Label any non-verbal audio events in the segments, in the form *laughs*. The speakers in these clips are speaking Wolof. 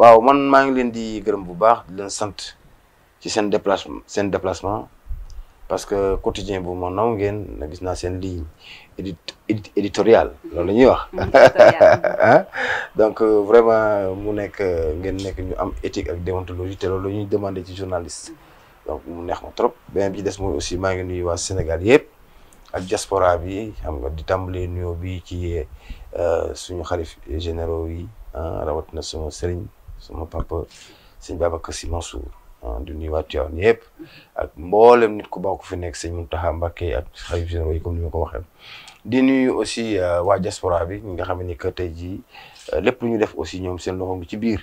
waaw man maa ngi leen di gërëm bu baax di leen sant ci seen déplacement seen déplacement parce que quotidien bu ma naw ngeen na gis naa seen ligne édi éditoriale loolu la ñuy wax mm-hmm. *laughs* donc euh, vraiment mu nekk ngeen nekk ñu am éthique ak déontologie te loolu ñuy demandé ci journaliste donc mu neex ma trop beneen bi ci des mooy aussi maa ngi nuyu waa Sénégal yëpp ak diaspora bi xam nga di tàmbalee nuyoo bi ci euh, suñu xarif généraux yi rawatina sama sëriñ sama papa sëñ Babacar Sy Mansour ah, du nuyuwaat Tiwaawan yëpp ak mboolem nit ko baax ku fi nekk sëñ Mountakha Mbacké ak xalif généraux yi comme ni ma ko waxee di nuyu aussi ah, waa diaspora bi ñi nga xam ni que tey jii ah, lépp lu ñu def aussi ñoom seen loxo ngi ci biir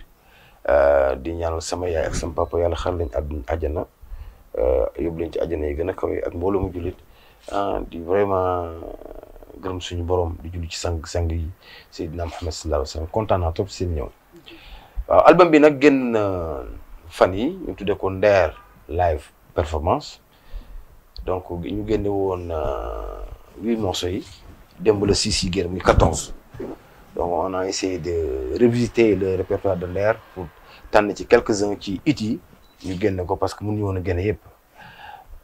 di ñaanal sama yaay ak sama papa yàlla xar lañ àdduna àjjana yóbbu leen ci àjjana yi gën a kawe ak mbooloo mu jullit di vraiment gërëm suñu borom di julli ci sang sang yi Seydina Muhammad sallallahu alayhi wa sallam kontaan naa seen ñëw. waaw album bi nag génn euh, fan yi ñu tuddee ko Nder live performance donc ñu génne woon euh, huit morceaux yi démb la six yi génn muy quatorze donc on a essayé de revisiter le répertoire de Nder pour tànn ci quelques-uns ci it yi ñu génne ko parce que ñu woon a génne yëpp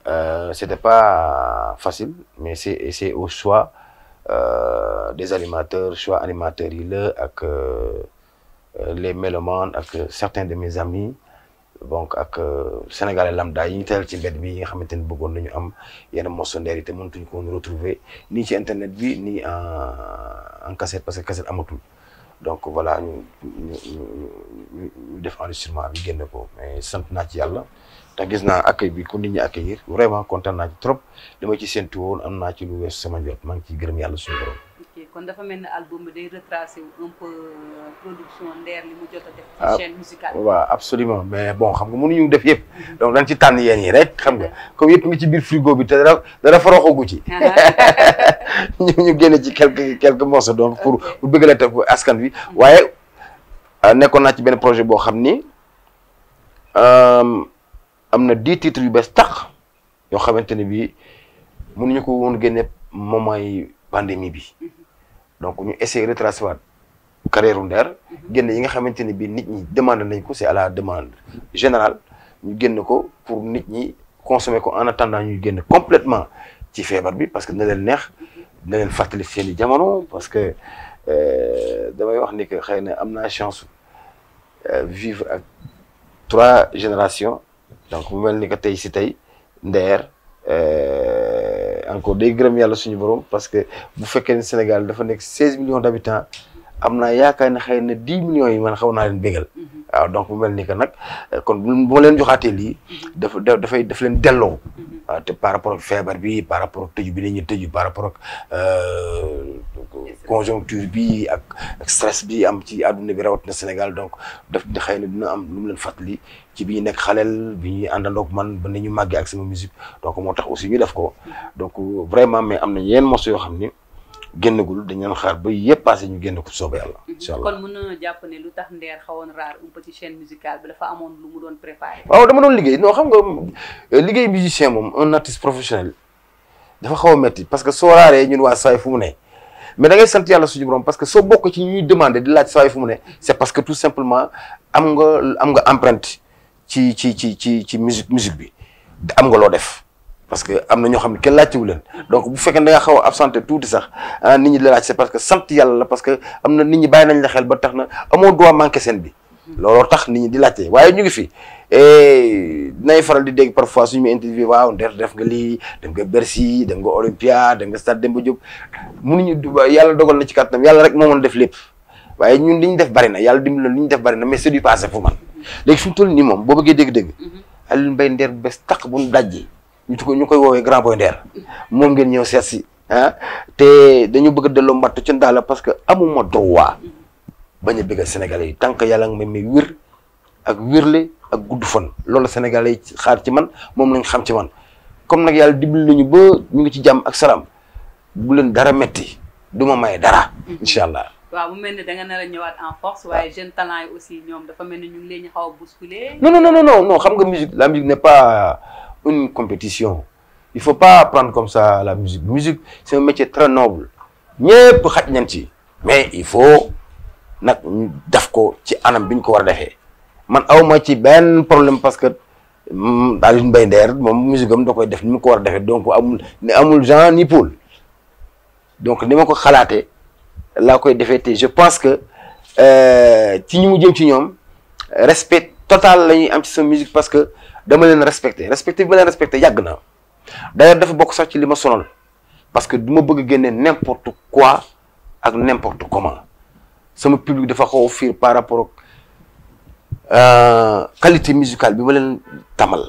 euh, c'était pas facile mais c'est c'est au choix euh, des animateurs choix animateurs yi la ak. Euh, les mélomanes ak euh, certains de mes amis donc ak euh, sénégalais lambda yi ñu teel ci mbedd bi yi nga xamante ni bëggoon nañu am yenn moissonnières yi te mënatuñu ko woon retrouver nii ci internet bi nii en en cassette parce que cassette amatul donc voilà ñu ñu ñu a bi génne ko mais sant naa ci yàlla te gis naa ak bi ku nit ñi accueillir vraiment kontaan naa ci trop li ma ci séntu woon am naa ci lu weesu sama njort maa ngi ciy gërëm yàlla suñu kon dafa mel ne album bi day retracé euh, ah, absolument mais bon xam nga mënuñu def yëpp. donc dañ ci tànn yéen yi rek xam nga comme yëpp ngi ci biir frigo bi te dara dara faroxagu ci. Ah. *laughs* ñu ñu génne ci quelques quelques morceaux donc pour pour bëggale te askan wi. Mm-hmm. waaye euh, nekkoon naa ci benn projet boo xam ni euh, am na dix titres yu bees tax yoo xamante ne bii mënuñu ko woon génne moment yi pandémie bi. Mm-hmm. donc ñu essayer retracer waat carrière Nder génn yi nga xamante ne bii nit ñi demande nañ ko c'est à la demande général ñu génn ko pour nit ñi consommer ko en attendant ñu génn complètement ci feebar bi parce que na leen neex na leen fàttali seen i jamono parce que euh, damay wax ni que xëy na am naa chance euh, vivre ak trois générations donc mu mel ni que tey si tey Nder. Euh, encore day gërëm yàlla suñu borom parce que bu fekkee ne Sénégal dafa nekk 16 millions d' habitants am na yaakaar ne xëy na dix millions yi man xaw naa leen bégal mhm. waaw donc mu mel ni que nag kon bu ma leen joxaatee lii mhm. dafa dafay daf leen delloo mhm. te par rapport ak feebar bi par rapport ak tëju bi la ñuy tëju par rapport ak euh, conjoncture bi ak stress bi am ci àdduna bi rawat na Sénégal donc daf xëy na dina am lu leen fàttali ci bi nekk xaleel bi ñuy àndandoog man ba nañu màggee ak sama musique donc moo tax aussi ñu def ko donc vraiment mais am na yeneen morceaux yoo xam ni dañ dañu xaar ba yëpp passé ñu génn ko soobee yàlla. Mhm. incha allah kon mën na jàpp ne lu tax Nder xawoon raar un petit chaîne musicale bi dafa amoon lu mu doon préparé. waaw dama doon liggéey non xam nga euh, liggéey musicien moom un artiste professionnel dafa xaw a métti parce que soo raaree ñun waa saay fu mu ne mais da ngay sant yàlla su borom parce que soo bokk ci ñuy demandé di laaj saay fu mu ne c'est parce que tout simplement am nga am nga empreinte ci ci ci ci ci musique musique bi am nga loo def. parce que am na ñoo xam ne kenn laajtewu leen donc bu fekkee da nga a absenté tuuti sax ah nit ñi la laaj c'est parce que sant yàlla la parce que am na nit ñi bàyyi nañ la xel ba tax na amoo droit manqué di laajte waaye ñu ngi fi dinañ eh, faral di dégg parfois suñu interview waaw ndeer def nga lii dem nga Bercy dem nga Olympia dem nga Stade Demba Diop mënuñu yàlla dogal na ci kàttanam yàlla rek moo mën def lépp waaye ñun li ñu def bari na yàlla dimbali na li ñu def bari na mais c'est p passé fu man léegi fi mu toll nii moom boo bëggee dégg-dégg mm-hmm. ñu ko ñu koy woowee grand boy moom ngeen ñëw seet si ah te dañu bëgg a delloo mbatt ci ndaa la parce que amuma droit bañ a bëgg Sénégalais yi tant yàlla nga may wér ak wérle ak gudd fon loolu Sénégalais yi xaar ci man moom lañ xam ci man comme nag yàlla dimbali nañu ba ñu ngi ci jàmm ak salaam bu leen dara metti duma ma may dara. incha allah. waaw bu mel ne da nga a ñëwaat en force waaye jeune talent yi aussi ñoom dafa mel ñu ngi leen ñu xaw a bousculer. une compétition il faut pas prendre comme ça la musique musique c'est un métier très noble ñëpp xaj nañ ci mais il faut nag ñu ko ci anam biñ ko war a defee man awma ci benn problème parce que mm, Alioune Mbaye der moom musique am doo koy def ni mu ko war a defee donc amul ni amul genre ni poul donc ni ma ko xalaatee laa koy defee te je pense que euh, ci ñu mu jëm ci ñoom respect total la am ci sa musique parce que dama leen respecté respecte bi ma leen respecté yàgg na d'ailleurs dafa bokk sax ci li ma sonal parce que duma bëgg génne n'importe quoi ak n'importe comment sama public dafa xaw fiir par rapport ak euh, qualité musicale bi ma leen tamal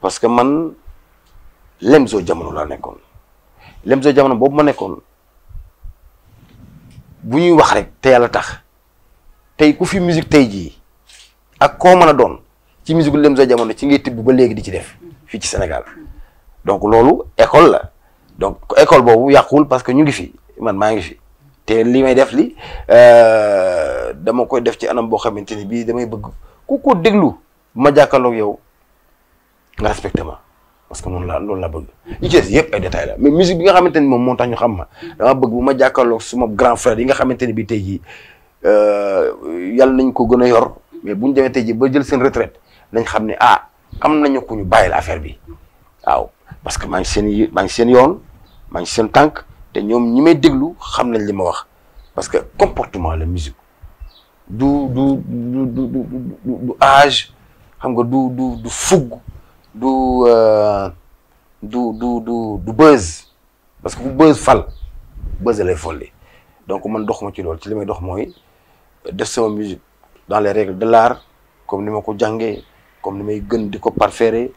parce que man Lemzo jamono laa nekkoon lem Lemzo jamono boobu ma nekkoon bu ñuy wax rek te yàlla tax tey ku fi musique tey jii ak koo mën a doon ci musique lem sa jamono ci ngay tibb ba léegi di ci def fii ci Sénégal donc loolu école la donc école boobu yàquwul parce que ñu ngi fi man maa ngi fi te li may def li euh, dama koy def ci anam boo xamante ni bii damay bëgg ku ko déglu ma jàkkaarloog yow nga respecté ma noonu laa loolu laa bëgg yi ci des yëpp mais musique bi nga xamante ni moom moo tax ñu xam ma dama bëgg bu ma jàkkaarloog suma grand frère yi nga xamante ni bii tey jii euh, yàlla nañ ko gën a yor mais bu ñu demee tey jii ba jël seen retraite nañ xam ne ah am nañu ku ñu bàyyil affaire bi aw parce que maa ngi seen ngi seen yoon maa seen tànk te ñoom ñi may déglu xam nañ li ma wax parce que comportement la musique du du du du du du xam nga du du du euh, du du du du parce que bu buzz fal buzz lay folli donc man doxuma ci loolu ci li may dox mooy def sama musique dans les règles de l'art comme ni ma ko jàngee comme ni may gën di ko parfaire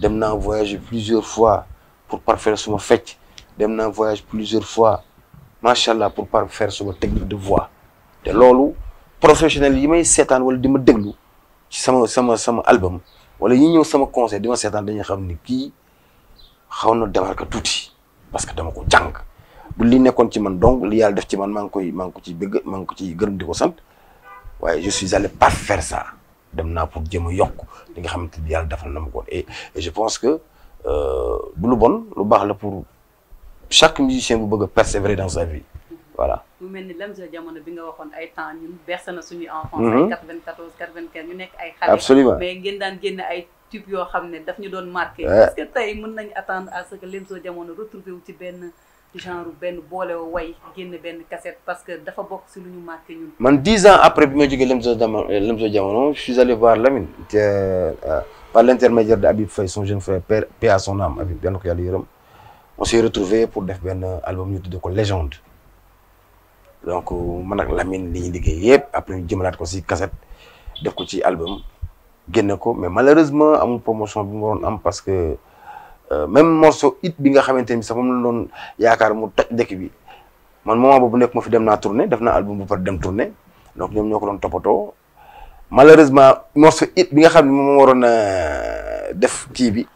dem naa voyager plusieurs fois pour parfaire suma fecc dem naa voyage plusieurs fois macha allah pour parfaire suma technique de voix te loolu professionnel yi may seetaan wala di ma déglu ci sama sama sama album wala ñi ñëw sama conseil di ma seetaan dañuy xam ni kii xaw na démarqué tuuti parce que dama ko jàng du li nekkoon ci man donc li def ci man maa ngi koy maa ngi ko ciy bëgg maa ciy gërëm di ko sant waaye je suis allé parfaire ça. dem naa pour jëmma yokk li nga xamante ni yàlla defal na ma ko et je pense que bu euh, lu bon lu baax la pour chaque musicien bu bëgg a persévérer dans sa vie voilà. mu mel ni Lamza jamono bi nga waxoon ay temps ñun bercé na suñuy enfance. Mhm. ay 94 95 ñu nekk ay. xale absolument mais ngeen daan génn ay tubes yoo xam ne daf ñu doon marqué. est que tey mën nañu attendre à ce que Lamza jamono retrouvé wu ci benn. genre benn boole way génn benn cassette parce que dafa bokk si lu ñu marqué ñun. man dix ans après bi ma jógee Lemzo Dama Lemzo Jamono je suis allé voir Lamine. te euh, par l' intermédiaire de Habib Faye son jeune frère père paix à son âme Habib benn ko yàlla yërëm on s' est retrouvé pour def benn album ñu tuddee ko légende donc euh, man ak Lamine li ñu liggéey yëpp après ñu ko si cassette def ko ci album génne ko mais malheureusement amul promotion bi mu waroon am parce que. Euh, même morceau it bi nga xamante ni sax moom la doon yaakaar mu toj dëkk bi man moment boobu nekk ma fi dem naa tournée def na album bu pare dem tournée donc ñoom ñoo ko doon toppatoo malheureusement morceau it bi nga xam ne moom waroon a euh, def kii bi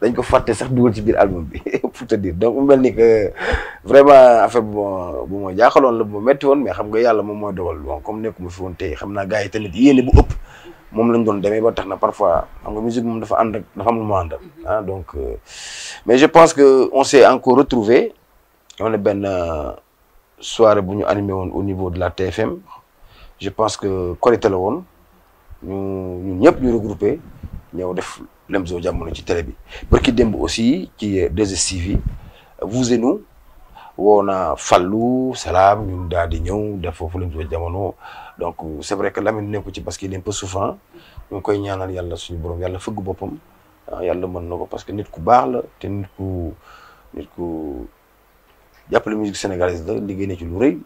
dañ ko fàtte sax dugal ci biir album bi *laughs* pour te dire donc mu mel ni que vraiment affaire bu ma bu ma jaaxaloon la bu ma métti woon mais xam nga yàlla moom mooy dogal bon comme nekkuma fi woon tey xam naa gars yi tamit yéene bu ëpp. moom lañ doon demee ba tax na parfois xam nga musique moom dafa ànd ak dafa am lu mu ànd mhm. ah, donc euh, mais je pense que on s'est encore retrouvé on est benn euh, soirée bu ñu animé woon au niveau de la TFM je pense que Korité la woon ñu ñun ñëpp ñu regroupé ñëw def Lemzo Jamono ci télé bi barki démb aussi ci des stv vous et woo naa Fallou Salam ñun daal di ñëw def foofu lañ doon jamono donc c'est vrai que Lamine nekku ci parce qu'il est un peu ngi koy ñaanal yàlla suñu borom yàlla fëgg boppam ah, yàlla mën na ko parce que nit ku baax la te nit ku nit ku jàppale musique sénégalaise la liggéey na ci lu rëy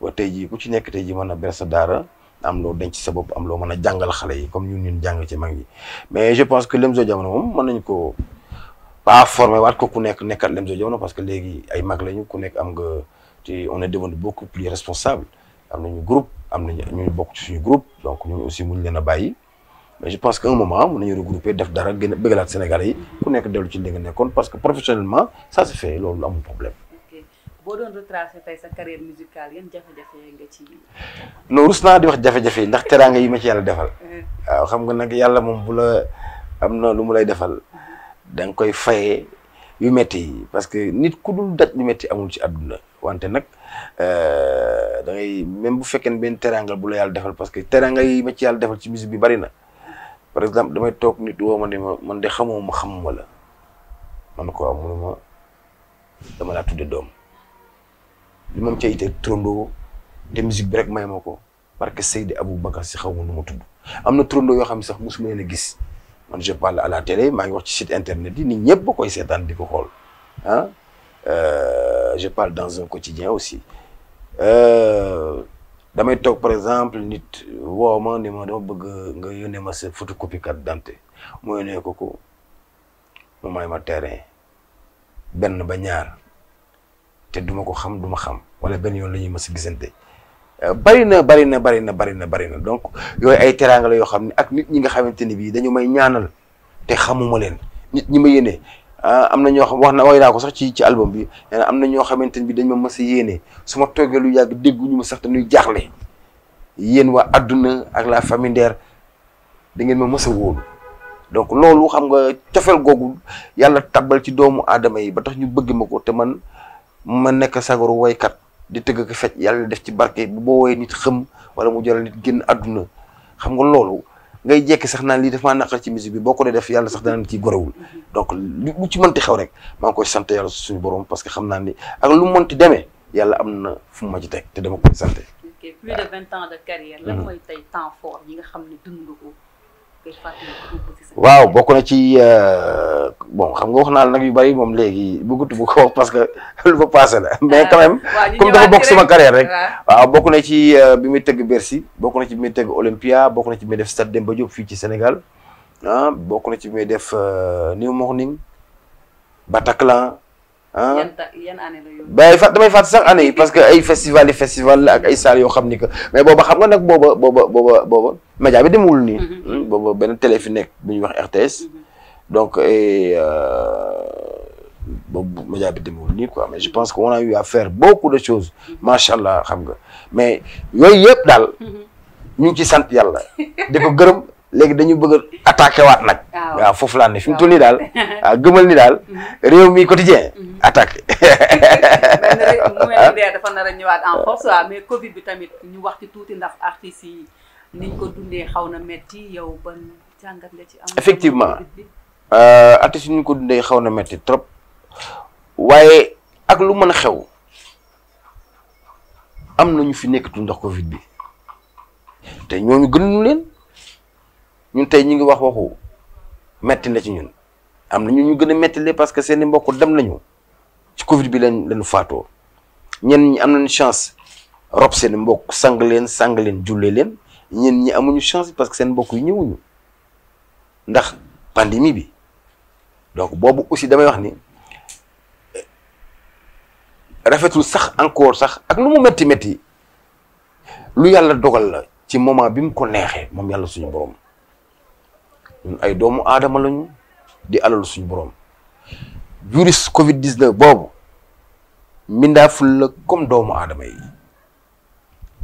ba tey jii ku ci nekk tey jii mën na bersa daara am loo denc sa bopp am loo mën a jàngal xale yi comme ñun ñun jàng ci mag yi mais je pense que Lemzo Diamono moom mën nañ ko pas formé waat ko ku nekk nekkat lem sa jamono parce que léegi ay mag lañu ku nekk am nga te on est devenu bokk plus responsable am nañu groupe am nañu ñu bokk ci suñu groupe donc ñun aussi muñ leen a bàyyi je pense que un moment mun nañu regrouper def dara gën a bëggalaat Sénégalais yi ku nekk dellu ci li nga nekkoon parce que professionnellement ça se fait loolu amul problème. boo doon retracer tey sa naa di wax jafe-jafe yi ndax teraanga yi ma ci yàlla defal. *laughs* waaw xam nga nag yàlla moom bula am na lu mu lay defal. da nga koy faye yu métti yi parce que nit ku dul daj lu métti amul ci àdduna wante nag euh, da ngay même bu fekkee ne benn teraanga bu la yàlla defal parce que teraanga yi ma ci yàlla defal ci musique bi bari na par exemple damay toog nit woo ma ne ma man de xamoo ma xamuma la man ko am munuma dama laa tudde doom li moom ca ite trondoo te musique bi rek may ma ko parce que abu Aboubacar si xaw ma nu ma tudd am na trondoo yoo xam ne sax mosuma leen a gis man je parle à la télé maa ngi wax ci site internet yi nit ñëpp ba koy seetaan di ko xool ah euh, je parle dans un quotidien aussi euh, damay toog par exemple nit woo ma ne ma bëgg nga yónnee ma sa photocopie carte d'identité mu yónnee ko ko mu may ma terrain benn ba ñaar te duma ko xam duma xam wala benn yoon la ñuy ma si gisante bari na bari na bari na bari na bari na donc yooyu ay teraanga yoo xam ne ak nit ñi nga xamante ni bii dañu may ñaanal te xamuma leen nit ñi ma yéene ah, am na ñoo xam wax na way naa ko sax ci ci album bi am na ñoo xamante ni bii dañ ma mës a yéene su ma toogee lu yàgg dégguñu ma sax te nuy jaaxle yéen waa àdduna ak la famille Nder da ngeen ma mës a wóolu donc loolu xam nga cofeel googu yàlla tabal ci doomu aadama yi ba tax ñu bëgg ma ko te man ma nekk sagaru waykat di tëgg ko fecc yàlla def ci barke bu boowee nit xëm wala mu jëral nit génn àdduna xam nga loolu ngay jekki sax naan lii daf maa naqar ci musique bi boo ko dee def yàlla sax danaan kii gorewul donc lu ci mënti xew rek maa koy sant yàlla suñu borom parce que xam naa ni ak lu mënti demee yàlla am na fu ma ci teg te dama koy sant. ok plus de vingt ans waaw bokk na ci euh, bon xam nga wax naa la nag yu bari moom léegi bëggatu bu ko wax parce que *laughs* lu fa passé la ah, mais quand même comme dafa bokk sama carrière rek bokk na ci euh, bi muy tëgg Bercy bokk na ci bi muy tëgg Olympia bokk na ci bi muy def Stade Demba Diop fii ci Sénégal ah bokk na ci bi muy def euh, New Morning Bataclan ah bay fat damay fàtt sax année yi parce que ay festival yi festival ak ay salles yoo xam ni que mais booba xam nga nag booba booba booba booba média bi demewul nii. Mhm. Hmm, boobu benn télé nekk bu ñuy wax RTS. Mhm. donc euh, boobu média bi demewul nii ko mais je pense qu'on a eu à faire beaucoup de choses mhm. macha allah xam nga mais yooyu yëpp daal. ñu ngi ci sant yàlla dafa gërëm. léegi dañu bëgg a attaqué waat nag. waaw foofu laa ne fi mu nii daal. *laughs* waaw gëmal ni daal réew mi quotidien attaqué. mu *laughs* a *laughs* ñëwaat en force waaw wax tuuti ndax artistes yi. niñ xaw na metti yow ban jàngat nga euh, ñu ko dundee xaw na metti trop waaye ak lu mën a xew am na ñu fi nekk nekkatul ndax Covid bi te ñoo ñooñu gënuñu leen ñun tey ñu ngi wax waxu metti na ci ñun am na ñu ñu gën a mettile parce que seeni i mbokk dem nañu ci Covid bi lañ lañu faatoo ñenn ñi am nañu chance rob seen mbokk sang leen sang leen jullee leen. ñen ñi amuñu chance parce que seen bokk yi ñëwuñu ndax pandémie bi donc boobu aussi damay wax ni rafetul sax encore sax ak nu mu métti métti lu yàlla dogal la ci moment bi mu ko neexee moom yàlla suñu borom ay doomu aadama lañu di alal suñu borom virus Covid 19 boobu mindaaful la comme doomu aadama yi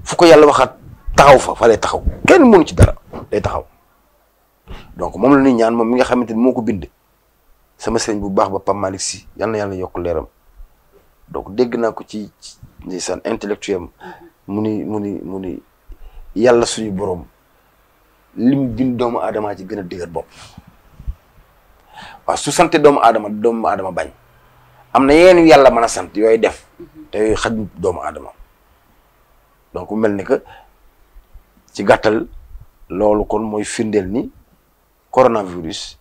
fu yàlla waxaat. taxaw fa fa lay taxaw kenn mënu ci dara day taxaw donc moom la ñuy ñaan moom mi nga xamante ni moo ko bind sama sëriñ bu baax ba Pape Malick Sy yal yàlla yokk leeram donc dégg naa ko ci ndeysaan intellectuel mu ni mu ni mu ni yàlla suñu borom lim bind doomu aadama ci gën a dëgër bopp waaw su sante doomu aadama doomu aadama bañ am na yeneen yàlla mën a sant yooyu def mm-hmm. te doomu aadama mel ni que ci gàttal loolu kon mooy firndeel ni coronavirus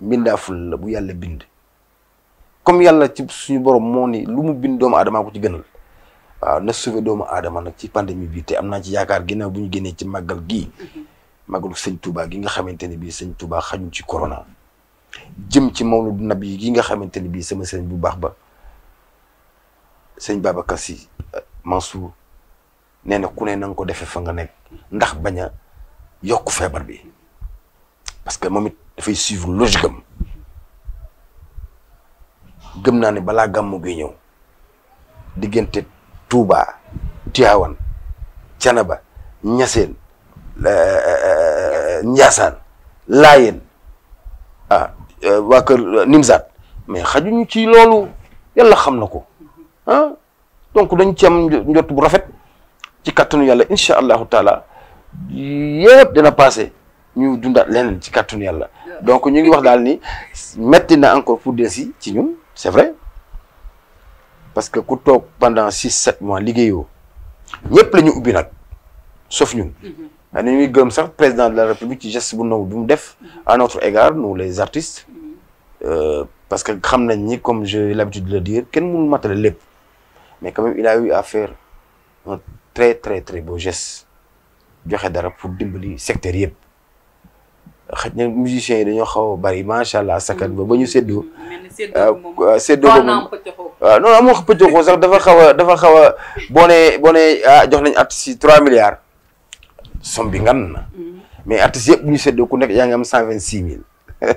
mbindaaful la bu yàlla bind comme yàlla ci suñu boroom moo ni lu mu bind doomu aadamaa ko ci gënal waaw na sauvé doomu aadama nag ci pandémie bi te am naa ci yaakaar gi ginnaaw bu ñu génnee ci màggal gi màggalu sëñ Touba gi nga xamante ne bii sëñ Touba xañu ci corona jëm ci mawlud nabi gi nga xamante ne bii sama sëñ bu baax ba sëñ Babacar Sy Mansour nee na ku ne na nga ko defee fa nga nekk ndax bañ yokk feebar bi parce que moom it dafay suivre logique am gëm naa ne balaa gàmmu gi ñëw diggante Touba Tiawan Canaba Ñaseen Njaasaan Laayeen ah euh, waa kër euh, Nimzaat mais xajuñu ci loolu yàlla xam na ko ah. donc dañ ci am njot bu rafet ci kattanu yàlla incha allahu taala yëpp dina passé ñu dundaat leneen ci kattanu yàlla donc ñu ngi wax daal ni metti na encore pour des si ci ñun c'est vrai parce que ku toog pendant six sept mois liggéeyoo ñëpp la ñu ubbi nag sauf ñu waaye ñu gëm sax président de la république ci geste bu ndaw bu mu def mm-hmm. à notre égard nous les artistes mm-hmm. euh, parce que xam nañ ñi comme j'ai l'habitude de le dire kenn mënul matale lépp mais quand même il a eu à très très très beau geste joxe dara pour dimbali secteur yëpp xaj na musiciens yi dañoo xaw bari macha allah sakkan ba ba ñu séddoo. Mm-hmm. séddoo ko moom waaw euh, non ah, sax dafa xaw a dafa xaw a boo nee ah, jox nañ artistes yi 3 milliards somme bi ngan na. Mm-hmm. mais artistes yëpp bu ñu séddoo ku nekk yaa ngi am 126 000. *laughs*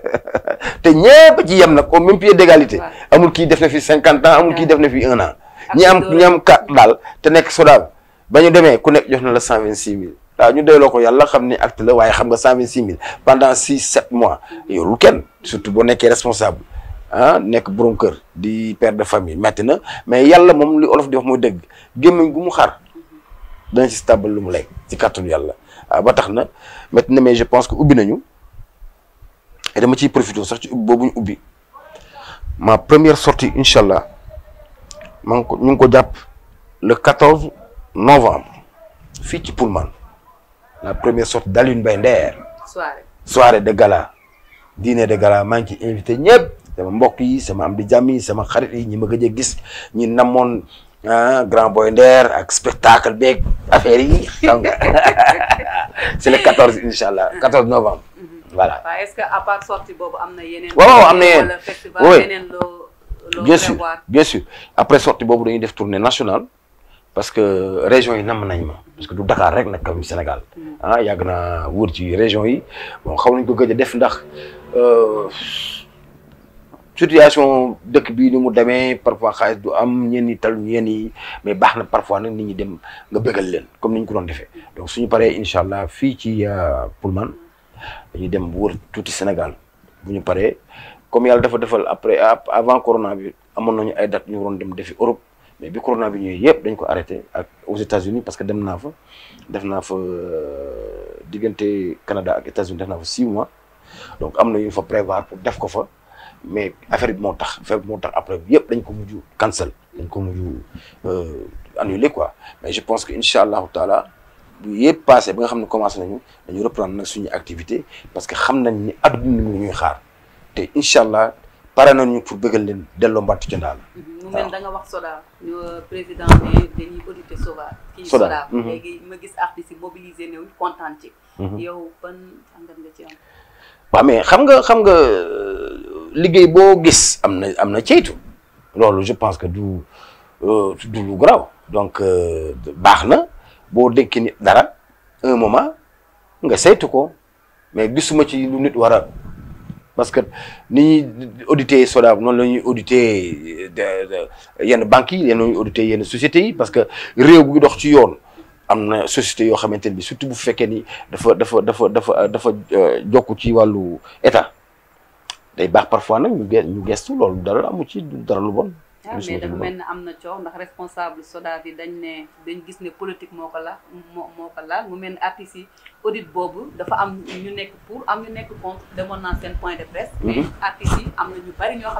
te ñëpp ci yam nag au même pied d'égalité amul kii def na fi cinquante ans amul kii def na fi un an. ñi am ka am daal te nekk SODAV. ba ñu demee ku nekk jox na la cent vingt six mille waaw ñu doyloo ko yàlla xam ni acte la waaye xam nga cent vingt six mille pendant six sept mois yorul kenn surtout boo nekkee responsable ah nekk borom kër di père de famille metti na mais yàlla moom li olof di wax mooy dëgg gémmiñ gu mu xaar dana ci stable lu mu lekk ci kàttanu yàlla waaw ah, ba tax na metti na mais je pense que ubbi nañu et dama ciy profité sax ci ubbi boobu ñu ubbi ma première sorti incha allah novembre fii ci Pullman la première sortie d'Alioune Mbaye Nder. soirée soirée de gala dîner de gala maa ngi ciy invité ñëpp sama mbokk yi sama am di jàmm yi sama xarit ñi ma gëj a gis ñi namoon ah, grand boy Nder ak spectacle beeg affaire yi donc *laughs* c'est le 14 allah 14 novembre. Mm-hmm. voilà waaw est-ce que à part boobu am na yeneen. bien sûr bien sûr après sortie boobu dañuy def tournée nationale. parce que région yi nam nañ ma parce que du Dakar rek nag kam Sénégal ah yàgg naa wër ci région yi bon xaw nañ ko gëj a def ndax euh, situation dëkk bi ni mu demee parfois xaalis du am ñenn ñi tal ñenn yi mais baax na parfois nag ni ñu dem nga bëggal leen comme ni ñu ko doon defee donc suñu paree incha allah fii ci euh, Pullman dañuy dem wër tuuti Sénégal bu ñu paree comme yàlla dafa defal après avant corona bi amoon nañu ay dat ñu waroon dem defi Europe mais bi corona bi ñëwee yëpp dañ ko arrêté ak aux États-Unis parce que dem naa fa def naa fa euh, diggante Canada ak États-Unis def naa fa six mois donc am na yu fa prévoir pour def ko fa mais affaire bi moo tax affaire bi moo tax après yëpp dañ ko mujj cancel dañ ko mujj euh, annulé quoi mais je pense que incha allahu taala bu yëpp passé ba nga xam ne commencé nañu dañu reprendre nag suñu activité parce que xam nañ ni adduna mi ñuy xaar te incha allah pare nañu pour bëggal leen delloo mbattu ci ndaal. mu mel da wax Soda ñu euh, président ne dañuy auditer Soda. kii Soda mhm. ma gis artistes yi mobilisé ne kontaan ci. Mhm. yow ban xam nga xam nga euh, liggéey boo gis am na am na ceytu loolu je pense que du euh, du graw garaaw donc baax na boo dénk nit dara un moment nga saytu ko mais gisuma ci lu nit wara parce que ni ñuy auditer euh, SODAV noonu la ñuy auditer yenn banques yi yenn ñuy auditer yenn société yi parce que réew bu dox ci yoon am na société yoo xamante ne bi surtout bu fekkee ni dafa dafa dafa dafa dafa euh, jokk ci wàllu état day baax parfois nag ñu gestu loolu dara amu ci dara lu bon. Ah, mais dafa mel ne am na coow ndax responsable SODAV yi dañ gis ne politique moo ko la mu mel ne artistes yi boobu dafa am ñu nekk pour am ñu nekk contre demoon naa seen point de presse. Mhm. mais artistes na ñu bari ñoo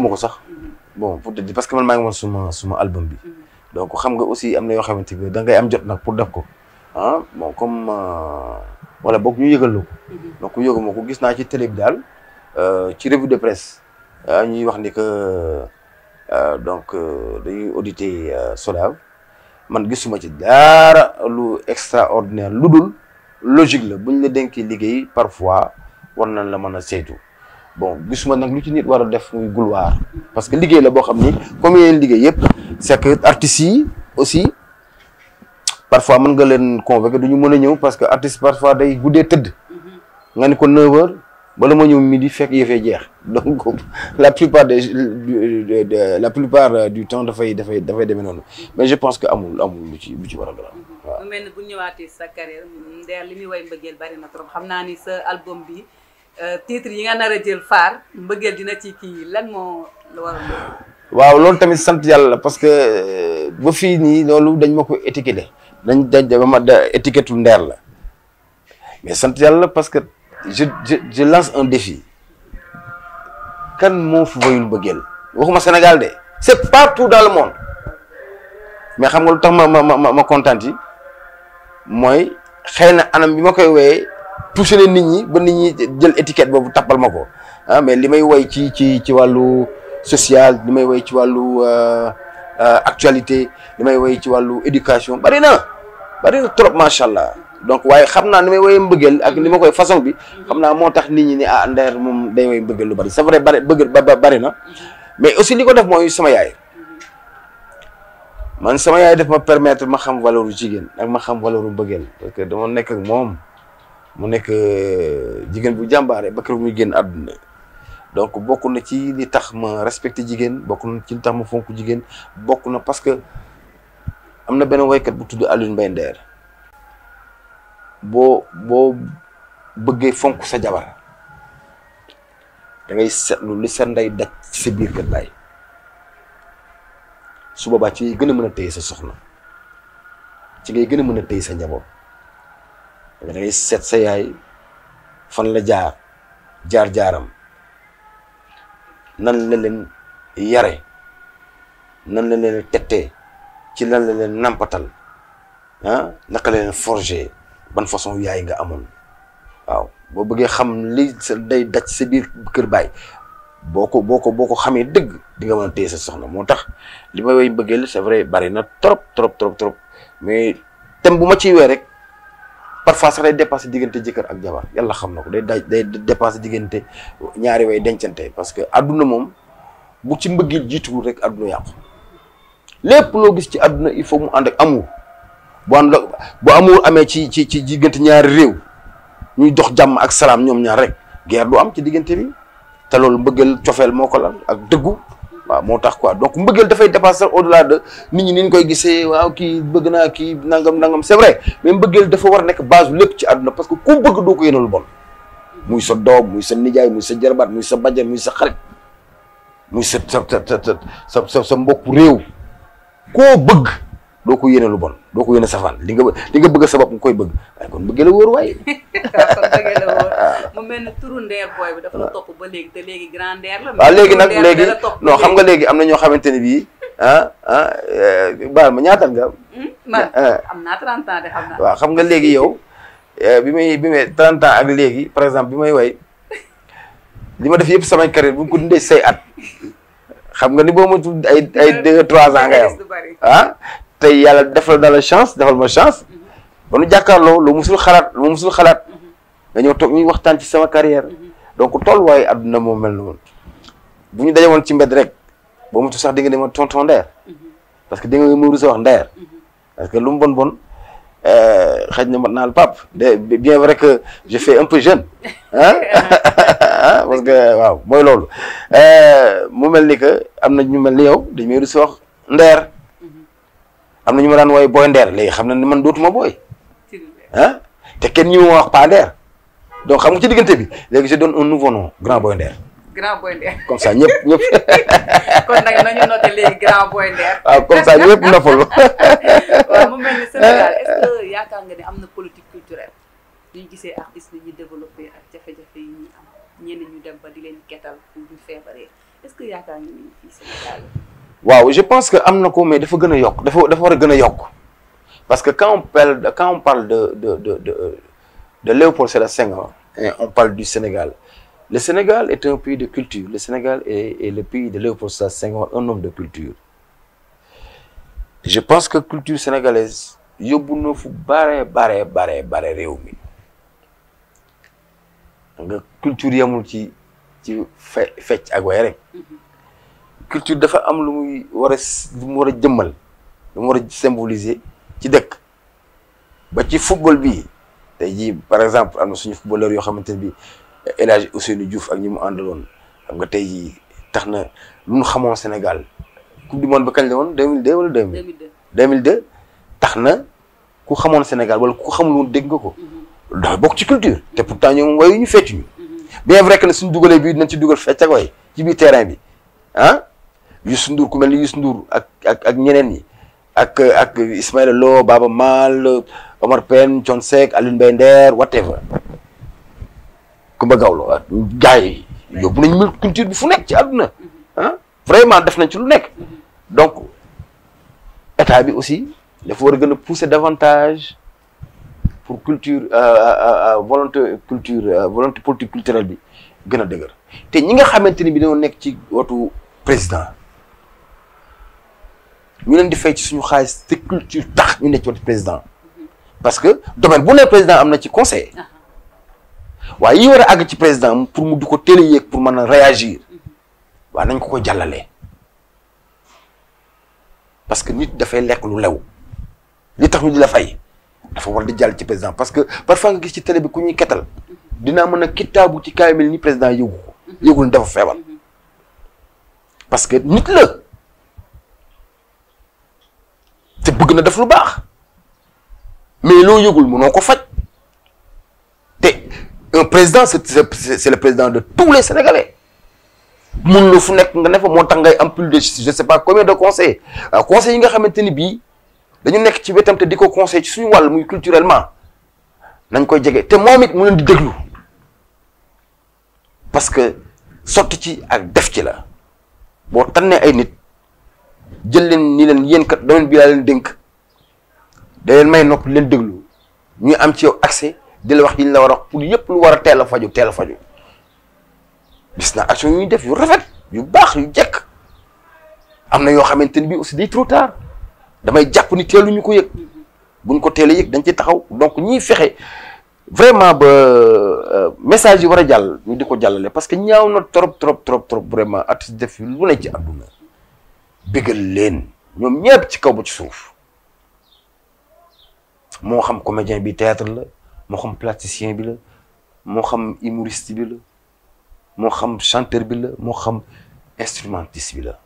ko sax. Mhm. bon parce que man maa ngi woon suma suma album bi. Mhm. donc xam nga aussi am na yoo xamante ne da ngay am jot nag pour def ko ah bon comme euh, wala boog ñu yëgal la donc yëguma ko gis naa ci télé bi daal. Euh, ci revue de presse euh, ñuy wax ni que euh, donc dañuy auditer SODAV man gisuma ci dara lu extraordinaire lu dul logique la ñu la dénkee liggéey parfois war nañ la mën a saytu bon gisuma nag lu ci nit war a def muy gulwaar parce que liggéey la boo xam ni comme yeneen liggéey yëpp c'est que artistes yi aussi parfois mën nga leen convoquer du ñu mën a ñëw parce que artiste parfois day guddee tëdd mm-hmm. nga ni ko bala ma ñëw midi fekk yëfee jeex donc la plupart des la plupart euh, du temps dafay dafay dafay demee noonu mais je pense que amul amul lu ci lu war a gën waaw. mu mel bu ñëwaatee sa carrière Nder li muy way mbëggeel bari na trop xam naa ni sa album bi euh, titre yi nga nar a jël faar mbëggeel dina ci kii lan moo la war a waaw loolu tamit sant yàlla la parce que euh, ba fii nii loolu dañ ma ko étiqueté dañ dañ ba ma étiquette Nder la mais sant yàlla parce que. je je lance un défi kan moo fi wayul bëggeel waxuma Sénégal de c'est partout dans le monde mais xam nga lu tax ma ma ma ma kontaan yi mooy xëy na anam bi ma koy woyee touché leen nit ñi ba nit ñi jël étiquette boobu tappal ma ko ah mais li may woy ci ci ci wàllu social li may woy ci wàllu euh, euh, actualité li may woy ci wàllu éducation bari na bari trop macha allah. donc waaye xam naa ni may woyee mbëggeel ak ni ma koy façon bi xam naa moo tax nit ñi ni ah Nder moom day woy mbëggeel lu bari c'est vrai bari bëgg bari na mais aussi li ko def mooy sama yaay man sama yaay def ma permettre ma xam valeur jigéen ak ma xam valeur u mbëggeel parce que dama nekk moom mu nekk euh, jigéen bu jàmbaare ba kër muy génn adduna donc bokk na ci li tax ma respecté jigéen bokk na ci li fonk jigéen bokk na parce que am na benn woykat bu tudd Alioune Mbaye Nder boo boo bëggee fonk sa jabar dangay ngay seetlu li sa ndey daj ci sa biir kër su boobaa ci ngay gën a mën a téye sa soxna ci ngay gën a mën a téye sa njaboot da ngay seet sa yaay fan la jaar jaar-jaaram nan la leen yare nan la leen tettee ci lan la leen nampatal ah naka la leen ban façon yaay nga amoon waaw boo bëggee xam li sa day daj sa biir kër baay boo ko boo ko boo ko xamee dëgg di nga mën sa soxna moo tax li ma way bëggeel c'est vrai bari na trop trop trop trop mais thème bu ma ciy wee rek parfois sax day dépassé diggante jëkkër ak jabar yàlla xam na ko day daj day dépassé diggante ñaari way dencante parce que àdduna moom bu ci mbëggeel jiituwul rek àdduna yàqu lépp loo gis ci àdduna il faut mu ànd ak amour bu ànd bu amul amee ci ci ci diggante ñaari réew ñuy dox jàmm ak salaam ñoom ñaar rek guerre du am ci diggante bi te loolu mbëggeel cofeel moo ko la ak dëggu waaw moo tax quoi donc mbëggeel dafay dépasser au-delà de nit ñi ni ñu gisee waaw kii bëgg naa kii nangam nangam c'est vrai mais mbëggeel dafa war a nekk base lépp ci àdduna parce que ku bëgg doo ko yéene lu bon muy sa doom muy sa nijaay muy sa jarbaat muy sa bajjan muy sa xarit muy sa sa sa sa sa sa mbokku réew koo bëgg. doo ko yéene lu bon doo ko yéene safaan li nga li nga bëgg a sabab nga koy bëgg waaye kon bëggee la wóor waaye. *laughs* kon bëggee *laughs* bi dafa la topp ba léegi te la. waaw léegi nag léegi non xam nga léegi am na ñoo xamante ne bii ah ah eh, baal ma ñaatal nga. am hmm? eh, eh. naa 30 xam nga léegi yow bi may bi ak léegi par exemple bi may way li ma def yëpp samay carrière bu ko dundee say at xam nga ni boo ma tudd ay ay trois 3 ans nga yam tey yàlla defal na la chance defal ma chance ba nu jàkkaarloo lu musul xalaat lu musul xalaat nga ñëw toog ñuy waxtaan ci sama carrière donc waaye àdduna moo mel noonu bu ñu daje woon ci mbedd rek ba mu sax di nga ne ma parce que di nga ma rus wax Nder parce que lu mu bon bon euh, xëy na mat naa la pap bien vrai que je fais un peu jeune *laughs* waaw mooy loolu euh, mu mel ni que am na ñu mel ni yow dañ may rus a wax Nder am na ñu ma daan wooye booy ndeer léegi xam na ne man dootuma booy ah te kenn ñu ma wax pas donc xam nga ci diggante bi léegi je doon un nouveau nom grand boy ndeer grand boy ndeer comme ça ñëpp ñëpp. *laughs* kon nag nañu noté léegi ah, *laughs* waaw mu mel ni Sénégal est-ce yaakaar nga ne am na politique culturelle ñu gisee artistes yi ñu développé ak jafe-jafe yi ñuy am ñenn ñu dem ba di leen kettal pour feebaree est-ce yaakaar nga ni fii Sénégal. waaw je pense que am na ko mais dafa gën a yokk dafa dafa war a gën a yokk parce que quand on parle de de de de de Léopold Sédar Senghor on parle du Sénégal le Sénégal est un pays de culture le Sénégal est, est le pays de Léopold Sédar Senghor un homme de culture je pense que culture sénégalaise yóbbu na fu bare bare bare bare réew mi nga culture yamul ci ci fecc ak way culture dafa am lu muy war a lu mu war a jëmmal lu mu war a symboliser ci dëkk ba ci football bi tey jii par exemple am na suñu footballeur yoo xamante ne bii El Hadj Ousseynou Diouf ak ñi mu àndaloon xam nga tey tax na lu mu xamoon Sénégal coupe du monde ba kañ la woon 2002 wala 2000. 2002 tax na ku xamoon Sénégal wala ku xamul dégg nga ko. Mm-hmm. dafa bokk ci culture. te pourtant ñoom wayu ñu fecc ñu. Mm-hmm. bien vrai que ne suñ dugalee bii nañ ci dugal fecc ak way ci biir terrain bi ah. Youssou Ndour ku mel ni Youssou Ndour ak ak ak ñeneen yi ak ak Ismaël Lo Baba Maal Omar Pène Thione Seck Alioune whatever Kumba Gawlo ah gars yi yóbbu nañu culture bi fu nekk ci adduna ah vraiment def nañ ci lu nekk donc état bi aussi dafa war gën a pousser davantage pour culture euh, euh, euh, volonté culture volonté politique culturelle bi gën a dëgër te ñi nga xamante ni bi dañoo nekk ci watu président ñu leen di fay ci suñu xaalis te culture tax ñu ne ci président parce que domaine bu ne président am na ci conseil waaye yi war a àgg ci président pour mu du ko teel a yéeg pour mën a réagir waaye nañ ko ko jàllale parce que nit dafay lekk lu lew li tax ñu di la fay dafa war di jàll ci président parce que parfois nga gis ci télé bi ku ñuy kettal dinaa mën a kitaabu ci kaay mel ni président yëgu ko yëgul dafa feebar parce que nit la. te bugg na def lu baax mais loo yëgul mënoo ko faj te un président c'est c'est le président de tous les sénégalais mun na fu nekk nga ne fa moo tax ngay am plus de je sais pas combien de conseils euh, conseils yi nga xamante ni bii dañu nekk ci wetam te di ko conseil ci suñu wàll muy culturellement nañ koy jege te moom it mu na di déglu parce que sotti ci ak def ci la boo tànnee ay nit. jël leen nii leen yéen kat domaine bi laa leen dénk da may nopp leen déglu ñu am ci yow accès di la wax yi la war a pour yëpp lu war a teel a faju teel a gis naa action yu ñuy def yu rafet yu baax yu jekk am na yoo xamante ni bii aussi day trop tard damay jàpp ni teelu ñu ko yëg buñ ko teel yëg dañ ci taxaw donc ñii fexe vraiment ba euh, message yi war a jàll ñu di ko jàllale parce que ñaaw na trop trop trop trop vraiment at def lu ne ci àdduna bégal leen ñoom ñëpp ci kaw ba ci suuf moo xam comédien bi théâtre la moo xam plasticien bi la moo xam humoriste bi la moo xam chanteur bi la moo xam instrumentiste bi la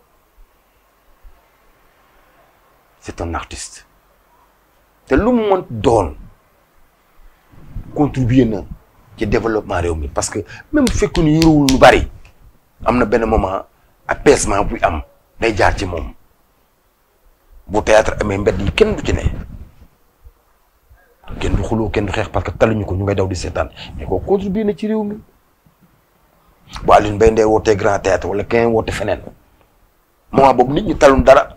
c'est un artiste te lu mu doon contribuer na ci développement réew mi parce que même bu fekkoon yorewul lu bari am na benn moment apaisement buy am. day jaar ci moom bu théâtre amee mbedd yi kenn du ci ne kenn du xuloo kenn du xeex parce que taluñu ko ñu ngay daw di seetaan mais koo contribué na ci réew mi bu Alioune Mbaye Ndeye wootee grand théâtre wala kenn woote feneen moment boobu nit ñi talum dara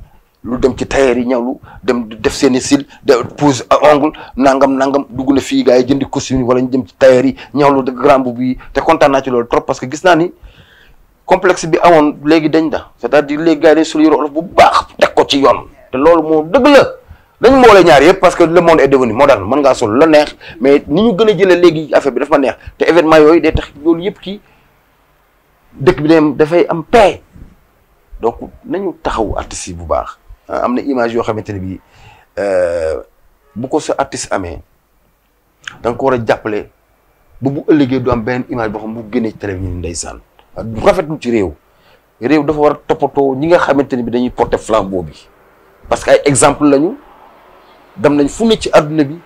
lu dem ci tailleur yi ñawlu dem def seen i cils de pose ongle nangam nangam dugg na fii gaa yi jëndi costume wala ñu dem ci tailleur yi ñawlu grand boubou yi te kontaan naa ci loolu trop parce que gis naa ni complexe bi amoon léegi dañ da c'est-à-dire léegi gars yi dañ sul yore olof bu baax teg ko ci yoon te loolu moo dëgg la dañ mboole ñaar yëpp parce que le monde est devenu moderne man ngaa sol la neex mais ni ñu gën a jëlee léegi affaire bi dafa neex te événement yooyu day tax yëpp kii dëkk bi dafay am paix donc nañu taxaw artistes yi bu baax ah, am na image yoo xamante ne bii euh, bu ko sa artiste amee da ko war a jàppale ba bu ëllëgee du am benn image boo xam bu génnee ci télé saan du rafetlu ci réew réew dafa war a ñi nga xamante ni bi dañuy porter flambeau bi parce que ay exemple lañu dem nañ fu nekk ci àdduna bi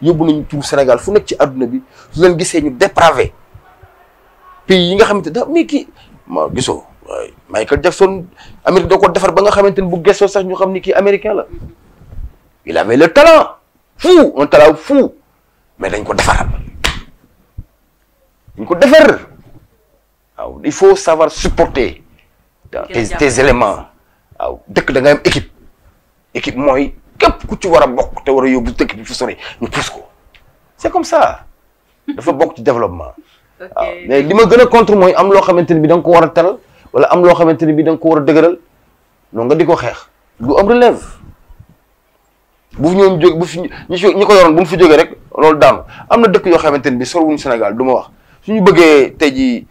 yóbbu nañu tur Sénégal fu nekk ci àdduna bi su leen gisee ñu dépravé pays yi nga xamante da mais kii ma gisoo Michael Jackson Amérique doo ko defar ba nga xamante ni bu gëstoo sax ñu xam ni kii américain la il avait le talent fou un talent fou mais dañ ko defaral dañ ko defar waaw il faut savoir supporter tes tes éléments waaw dëkk da ngay am équipe équipe mooy képp ku ci war a bokk te war a yóbbu dëkk bi fu sori ñu pousse ko c'est comme ça dafa bokk ci développement *laughs* waaw mais li ma gën a contre mooy am loo xamante ne bi da nga ko war a teral wala am loo xamante ne bi da nga ko war a dëgëral noonu di ko xeex du am relève bu fi ñoom jóg bu fi ko yoroon bu mu fi jógee rek loolu daanu am na dëkk yoo xamante ne bi sor wuñu Sénégal duma ma wax suñu bëggee tey jii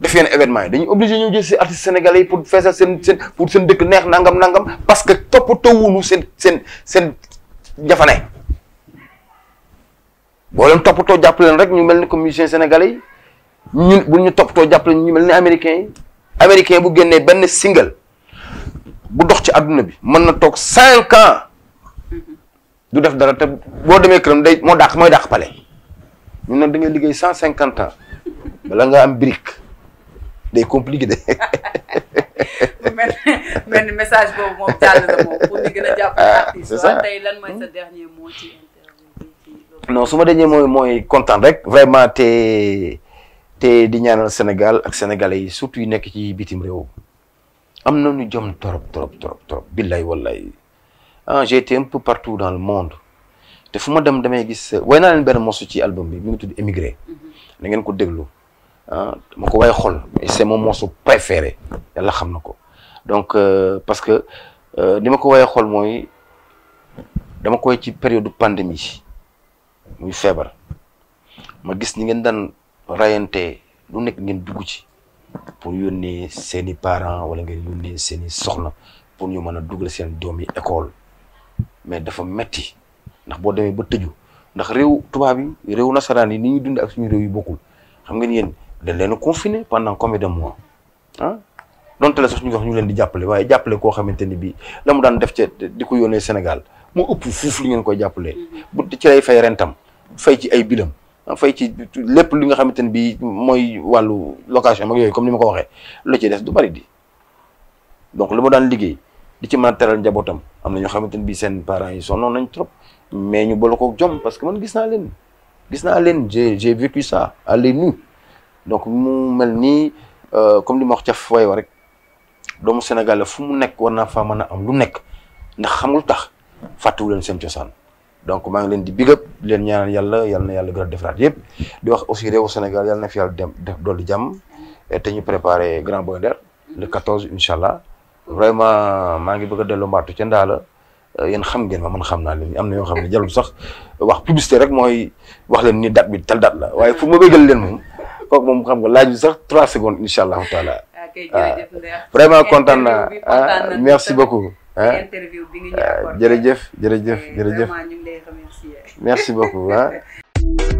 def yenn événement yi dañuy obligé ñëw jël si artistes sénégalais yi pour feesal seen seen pour seen dëkk neex nangam nangam parce que toppatoo wuñu seen seen seen jafane boo leen toppatoo jàpp leen rek ñu mel ni comme musiciens sénégalais yi ñun bu ñu toppatoo jàpp leen ñu mel ni américains américain bu génnee benn single bu dox ci àdduna bi mën na toog cinq ans du def dara te boo demee këram day moo dàq mooy dàq pale ñun nag da liggéey cent cinquante ans bala nga am brique. day compliqué de. mel mel ni message boobu moom jàll na moom lan mooy dernier mot ci interview bi. non su ma dernier mooy mooy kontaan rek vraiment te te di ñaanal Sénégal ak sénégalais yi surtout yu nekk ci bitim réew. am nañu jom trop trop trop trop billahi wallahi ah j'ai été un peu partout dans le monde te fu ma dem damay gis way naa leen benn mosu ci album bi mi ngi tudd émigré mhm. na ngeen ko déglu. dama ko way xol et c'est mon morceau préféré yàlla xam na ko donc euh, parce que li euh, ma ko way xol mooy dama koy ci période pandémie muy feebar ma gis ni ngeen daan rayante lu nekk ngeen dugg ci pour yónnee seen i parent wala ngeen yónnee seen i soxna pour ñu mën a dugal seen doom yi école mais dafa metti ndax boo demee ba tëju ndax réew tubaab yi réew nasaraan yi ni ñuy dund ak suñu réew yi bokkul xam ngeen yéen dañ leen confiner confiné pendant combien de mois ah donte la sax ñu ngi wax ñu leen di jàppale waaye jàppale koo xamante ni bii la mu daan def ca di ko yónnee Sénégal moo ëpp fuuf li ngeen koy jàppale bu ci lay fay rentam fay ci ay bilam ah, fay ci lépp li nga xamante ne bii mooy wàllu location ak yooyu comme ni ma ko waxee lu ci des du bari di donc lu mu daan liggéey di ci mën a teral njabootam am na ñoo xamante ne bii seen parents yi sonnoon nañ trop mais ñu boole ko jom parce que man gis naa leen gis naa leen j'ai j'ai vécu ça donc mu mel nii euh, comme li ma wax ca fooy wa rek doomu Sénégal fu mu nekk war naa mën a am lu nekk ndax xamul tax fàttewu leen seen cosaan donc maa ngi leen di big leen ñaanal yàlla yàlla na yàlla gën a yëpp di wax aussi réewu Sénégal yàlla na fi yàlla dem def dolli jàmm te ñu préparé Grand Boy Nder le 14 incha allah vraiment maa ngi bëgg a delloo mbaatu ca ndaa la euh, yéen xam ngeen ma man xam naa leen am na yoo xam ne jarul sax wax publicité rek mooy wax leen ni date bi tel la waaye fu ma leen kooku moom xam nga laaj bi sax trois secondes incha allahu taala. Ah, ah, vraiment kontaan naa ah merci beaucoup. Ah, interview bi nga ñu jërëjëf jërëjëf eh, jërëjëf. merci beaucoup ah. *laughs*